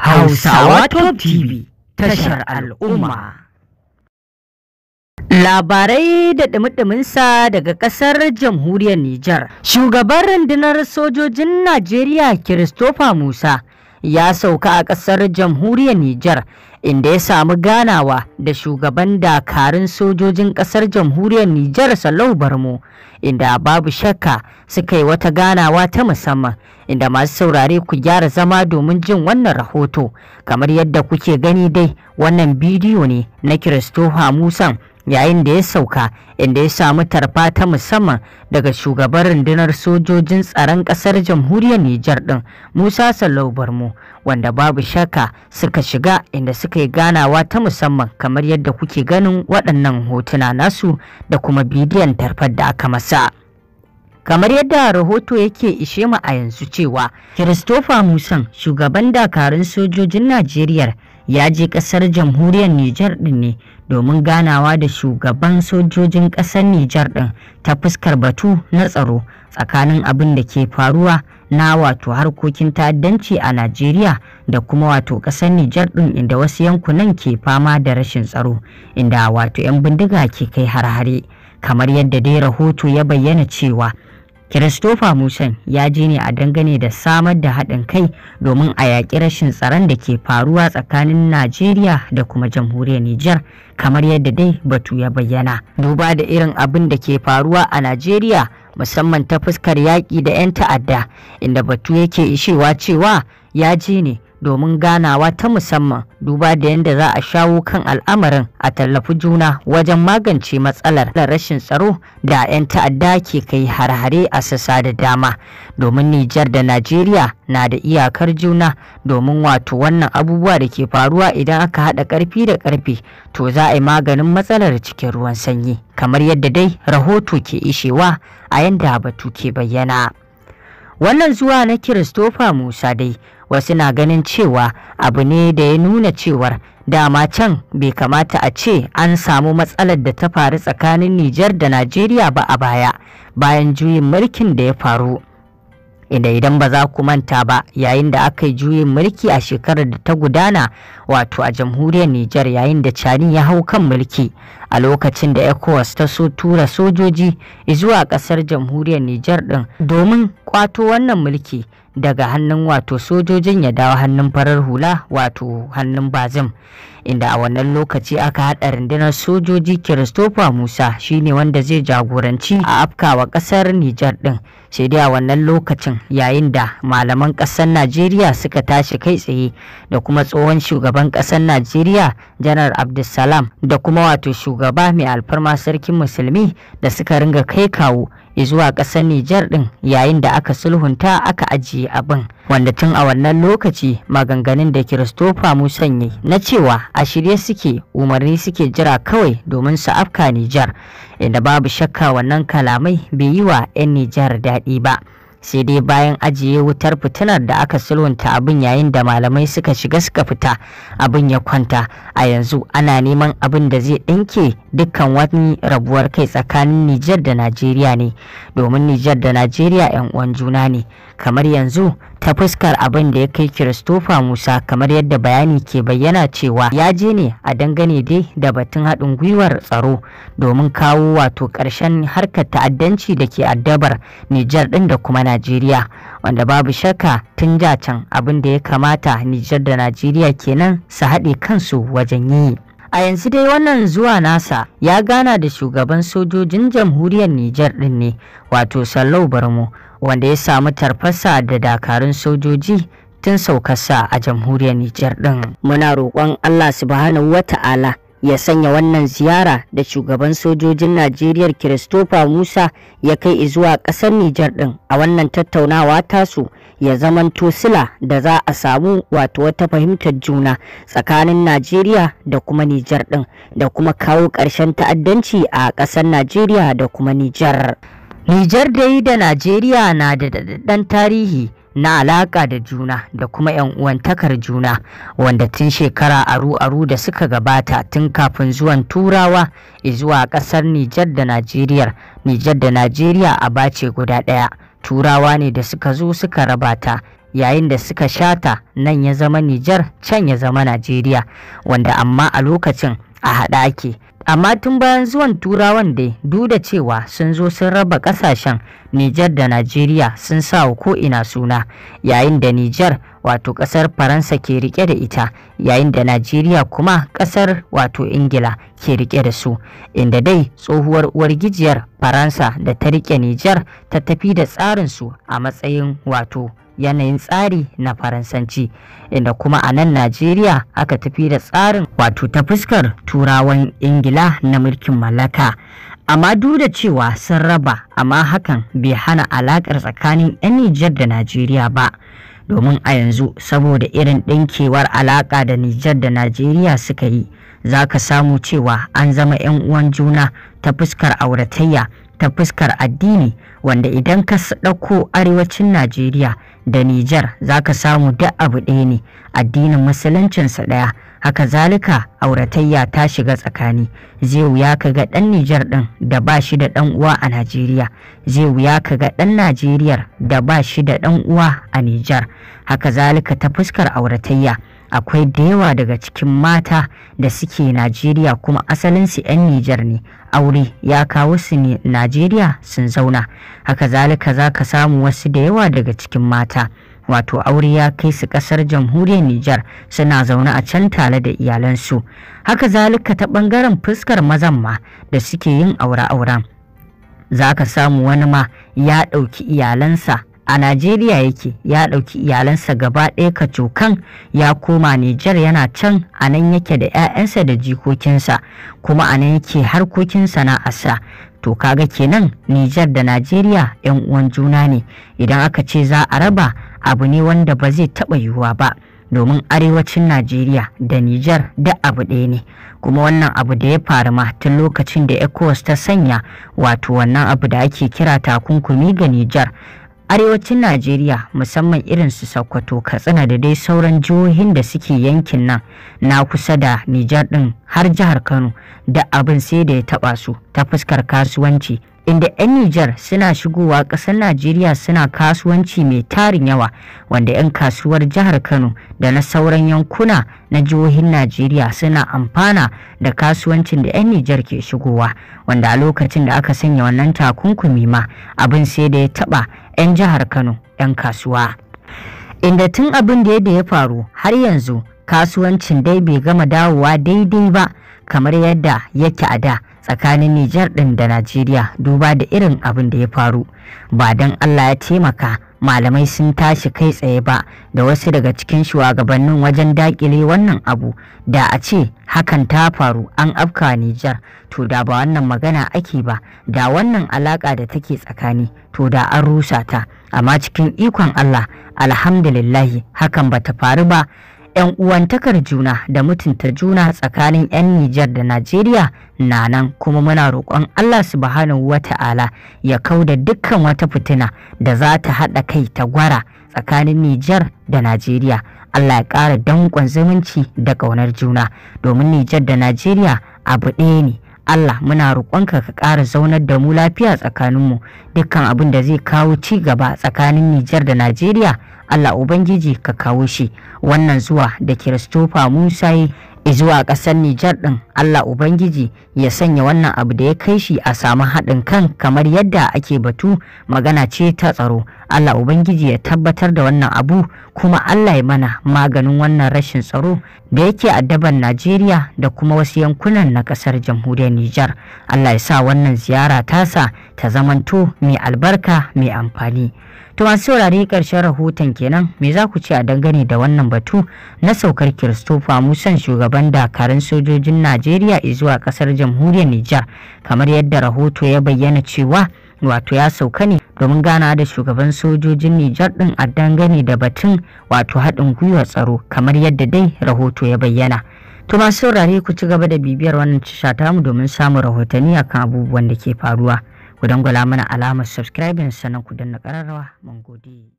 Hausawa Top TV tashar al'umma. Labarai da ɗumi daga ƙasar jamhuriyar Nijar. Shugaban rundunar sojojin Najeriya Christopher Musa ya sauka a ƙasar jamhuriyar Nijar inda ya samu ganawa da shugaban dakarun sojojin kasar jamhuriyar Nijar Salau Barmo inda babu shakka suka yi wata ganawa ta musamman inda masu saurare ku gyara zama domin jin wannan rahoto kamar yadda kuke gani dai wannan bidiyo ne na Christopher Musan yayin da ya sauka inda ya samu tarfa ta musamman daga shugaban rundunar sojojin tsaron ƙasar jamhuriyar Nijar ɗin Musa Sallau Barmo wanda babu shaka suka shiga inda suka yi ganawa ta musamman kamar yadda kuke ganin waɗannan hotuna nasu da kuma bidiyon tarfar da aka masa. kamar yadda rahoto yake ishe mu a yanzu cewa Christopher Musan shugaban dakarun sojojin Najeriya ya je kasar jamhuriyar Nijar din ne domin ganawa da shugaban sojojin kasar Nijar din ta fuskar batu na tsaro tsakanin abin da ke faruwa na wato harkokin ta'addanci a Najeriya da kuma wato kasar Nijar din inda wasu yankunan ke fama da rashin tsaro inda wato 'yan bindiga ke kai har-hare kamar yadda dai rahoto ya bayyana cewa Christopher Musen ya je ne a dangane da samar da haɗin kai domin a yaƙi rashin tsaron da ke faruwa tsakanin Najeriya da kuma jamhuriyar Nijar kamar yadda dai batu ya bayyana. Duba da irin abin da ke faruwa a Najeriya musamman ta fuskar yaƙi da 'yan ta'adda inda batu yake ishewa cewa ya je ne domin ganawa ta musamman duba da yadda za a shawo kan al'amarin a tallafi juna wajen magance matsalar rashin tsaro da 'yan ta'adda ke kai har-hare a sassa da dama domin Nijar da Najeriya na da iyakar juna domin wato wannan abubuwa da ke faruwa idan aka haɗa ƙarfi da ƙarfi to za a yi maganin matsalar cikin ruwan sanyi kamar yadda dai rahoto ke ishewa a yadda batu ke bayyana. Wannan zuwa na Christopher Musa dai wasu na ganin cewa abu ne da ya nuna cewar dama can bai kamata a ce an samu matsalar da ta faru tsakanin Nijar da Najeriya ba a baya bayan juyin mulkin da ya faru. Inda idan ba za ku manta ba yayin da aka yi juyin mulki a shekarar da ta gudana wato a jamhuriyar Nijar yayin da Cani ya hau kan mulki a lokacin da ECOWAS ta so tura sojoji zuwa ƙasar jamhuriyar Nijar ɗin domin kwato wannan mulki daga hannun wato sojojin ya dawo hannun farar hula wato hannun bazim inda a wannan lokaci aka haɗa rundunar sojoji Christopher Musa shine wanda zai jagoranci a afkawa ƙasar Nijar ɗin sai dai a wannan lokacin yayin da malaman ƙasar Najeriya suka tashi kai tsaye da kuma tsohon shugaban ƙasar Najeriya Janar Abdulsalam da kuma wato shugaban shugaba mai alfarma sarkin musulmi da suka ringa kai kawo zuwa ƙasar Nijar ɗin yayin da aka sulhunta aka ajiye abin wanda tun a wannan lokaci maganganun da Kiristofa Musanye na cewa a shirye suke umarni suke jira kawai domin su afka Nijar inda babu shakka wannan kalamai bai yi wa 'yan Nijar daɗi ba. sai dai bayan ajiye wutar fitinar da aka sulhunta abin yayin da malamai suka shiga suka fita abin ya kwanta a yanzu ana neman abin da zai ɗinke dukkan wani rabuwar kai tsakanin Nijar da Najeriya ne domin Nijar da Najeriya 'yan uwan juna ne kamar yanzu ta fuskar abin da ya kai Kiristofa Musa kamar yadda bayani ke bayyana cewa ya je ne a dangane dai da batun haɗin gwiwar tsaro domin kawo wato ƙarshen harkar ta'addanci da ke addabar Nijar ɗin da kuma Najeriya wanda babu shakka tun ja can abin da ya kamata Nijar da Najeriya kenan su haɗe kansu wajen yi. A yanzu dai wannan zuwa nasa ya gana da shugaban sojojin jamhuriyar Nijar ɗin ne wato Sallau Barmo wanda ya samu tarfasa da dakarun sojoji tun saukarsa a jamhuriyar Nijar ɗin. Muna roƙon Allah subhanahu wa ta'ala ya sanya wannan ziyara da shugaban sojojin Najeriya Christopher Musa ya kai zuwa ƙasar Nijar ɗin a wannan tattaunawa tasu ya zaman sila da za a samu wato wata fahimtar juna tsakanin Najeriya da kuma Nijar ɗin da kuma kawo ƙarshen ta'addanci a ƙasar Najeriya da kuma Nijar. Nijar dai da Najeriya na da daɗaɗɗen tarihi na alaƙa da juna da kuma 'yan uwantakar juna wanda tun shekara aru-aru da suka gabata tun kafin zuwan turawa zuwa ƙasar Nijar da Najeriya. Nijar da Najeriya a bace guda ɗaya. Turawa ne da suka zo suka rabata yayin da suka shata nan ya zama Nijar can ya zama Najeriya wanda amma a lokacin a haɗa ake. amma tun bayan zuwan turawan dai duk da cewa sun zo sun raba kasashen Nijar da Najeriya sun sa wa ko'ina suna yayin da Nijar wato kasar Faransa ke rike da ita yayin da Najeriya kuma kasar wato Ingila ke rike da su inda dai tsohuwar uwargijiyar Faransa da ta rike Nijar ta tafi da tsarin su a matsayin wato yanayin tsari na faransanci inda kuma a nan najeriya aka tafi da tsarin wato ta fuskar turawan ingila na mulkin mallaka amma duk da cewa sun raba amma hakan bai hana alakar tsakanin 'yan nijar da najeriya ba domin a yanzu saboda irin ɗinkewar alaƙa da Nijar da Najeriya suka yi za ka samu cewa an zama 'yan uwan juna ta fuskar auratayya ta fuskar addini wanda idan ka ɗauko arewacin Najeriya da Nijar za ka samu duk abu ɗaya ne addinin musuluncinsa ɗaya haka zalika auratayya ta shiga tsakani zai wuya ka ga ɗan Nijar ɗin da ba shi da ɗan uwa a Najeriya zai wuya ka ga ɗan Najeriyar da ba shi da ɗan uwa a Nijar haka zalika ta fuskar auratayya akwai da yawa daga cikin mata da suke najeriya kuma asalinsu 'yan nijar ne aure ya kawo su ne najeriya sun zauna haka zalika za ka samu wasu da yawa daga cikin mata wato aure ya kai su ƙasar jamhuriyar Nijar suna zaune a can tare da iyalansu. Haka zalika ta ɓangaren fuskar mazan ma da suke yin aure-auren. Za ka samu wani ma ya ɗauki iyalansa a Najeriya yake ya ɗauki iyalansa gaba ɗaya cokan ya koma Nijar yana can a nan yake da 'ya'yansa da jikokinsa kuma a nan yake harkokin sana'arsa to kaga kenan Nijar da Najeriya 'yan uwan juna ne idan aka ce za a raba abu ne wanda ba zai taɓa yiwuwa ba domin arewacin Najeriya da Nijar da abu ɗaya ne kuma wannan abu da ya faru ma tun lokacin da ECOWAS ta sanya wato wannan abu da ake kira takunkumi ga Nijar arewacin najeriya musamman irin su sokoto katsina da dai sauran jihohin da suke yankin nan na kusa da nijar ɗin har jihar kano da abin sai da ya taba su ta fuskar kasuwanci inda 'yan Nijar suna shigowa ƙasar Najeriya suna kasuwanci mai tarin yawa wanda 'yan kasuwar jihar Kano da na sauran yankuna na jihohin Najeriya suna amfana da kasuwancin da 'yan Nijar ke shigowa wanda a lokacin da aka sanya wannan takunkumi ma abin sai da ya taɓa 'yan jihar Kano 'yan kasuwa. Inda tun abin da ya faru har yanzu kasuwancin dai bai gama dawowa daidai ba. kamar yadda yake a da tsakanin Nijar ɗin da Najeriya duba da irin abin da ya faru ba don Allah ya taimaka malamai sun tashi kai tsaye ba da wasu daga cikin shugabannin wajen dakile wannan abu da a ce hakan ta faru an afka Nijar to da ba wannan magana ake ba da wannan alaka da take tsakani to da an rusa ta amma cikin ikon Allah alhamdulillahi hakan bata faru ba 'yan uwantakar juna da mutunta juna tsakanin 'yan Nijar da Najeriya na nan kuma muna roƙon Allah subhanahu wa ta'ala ya da dukkan wata fitina da za ta haɗa kai ta gwara tsakanin Nijar da Najeriya. Allah ya ƙara danƙon zumunci da ƙaunar juna domin Nijar da Najeriya abu ɗaya ne. Allah muna roƙonka ka ƙara zaunar da mu lafiya tsakaninmu dukkan abin da zai kawo ci gaba tsakanin Nijar da Najeriya Allah Ubangiji ka kawo shi wannan zuwa da Kiristofa Musa zuwa ƙasar Nijar ɗin Allah Ubangiji ya sanya wannan abu da ya kai shi a samu haɗin kan kamar yadda ake batu magana ce ta tsaro. Allah Ubangiji ya tabbatar da wannan abu kuma Allah ya mana maganin wannan rashin tsaro da yake addaban Najeriya da kuma wasu yankunan na ƙasar jamhuriyar Nijar. Allah ya sa wannan ziyara tasa ta zamanto mai albarka mai amfani. To masu saurari ƙarshen rahoton kenan me za ku ce a dangane da wannan batu na saukar Kiristofa Musan shugaban dakarun sojojin Najeriya Najeriya zuwa kasar jamhuriyar Nijar kamar yadda rahoto ya bayyana cewa wato ya sauka ne domin gana da shugaban sojojin Nijar din a dangane da batun wato haɗin gwiwa tsaro kamar yadda dai rahoto ya bayyana. To masu saurare ku ci gaba da bibiyar wannan tasha tamu domin samun rahotanni akan abubuwan da ke faruwa. Ku dangwala mana alamar subscribing sannan ku danna ƙararrawa. Mun gode.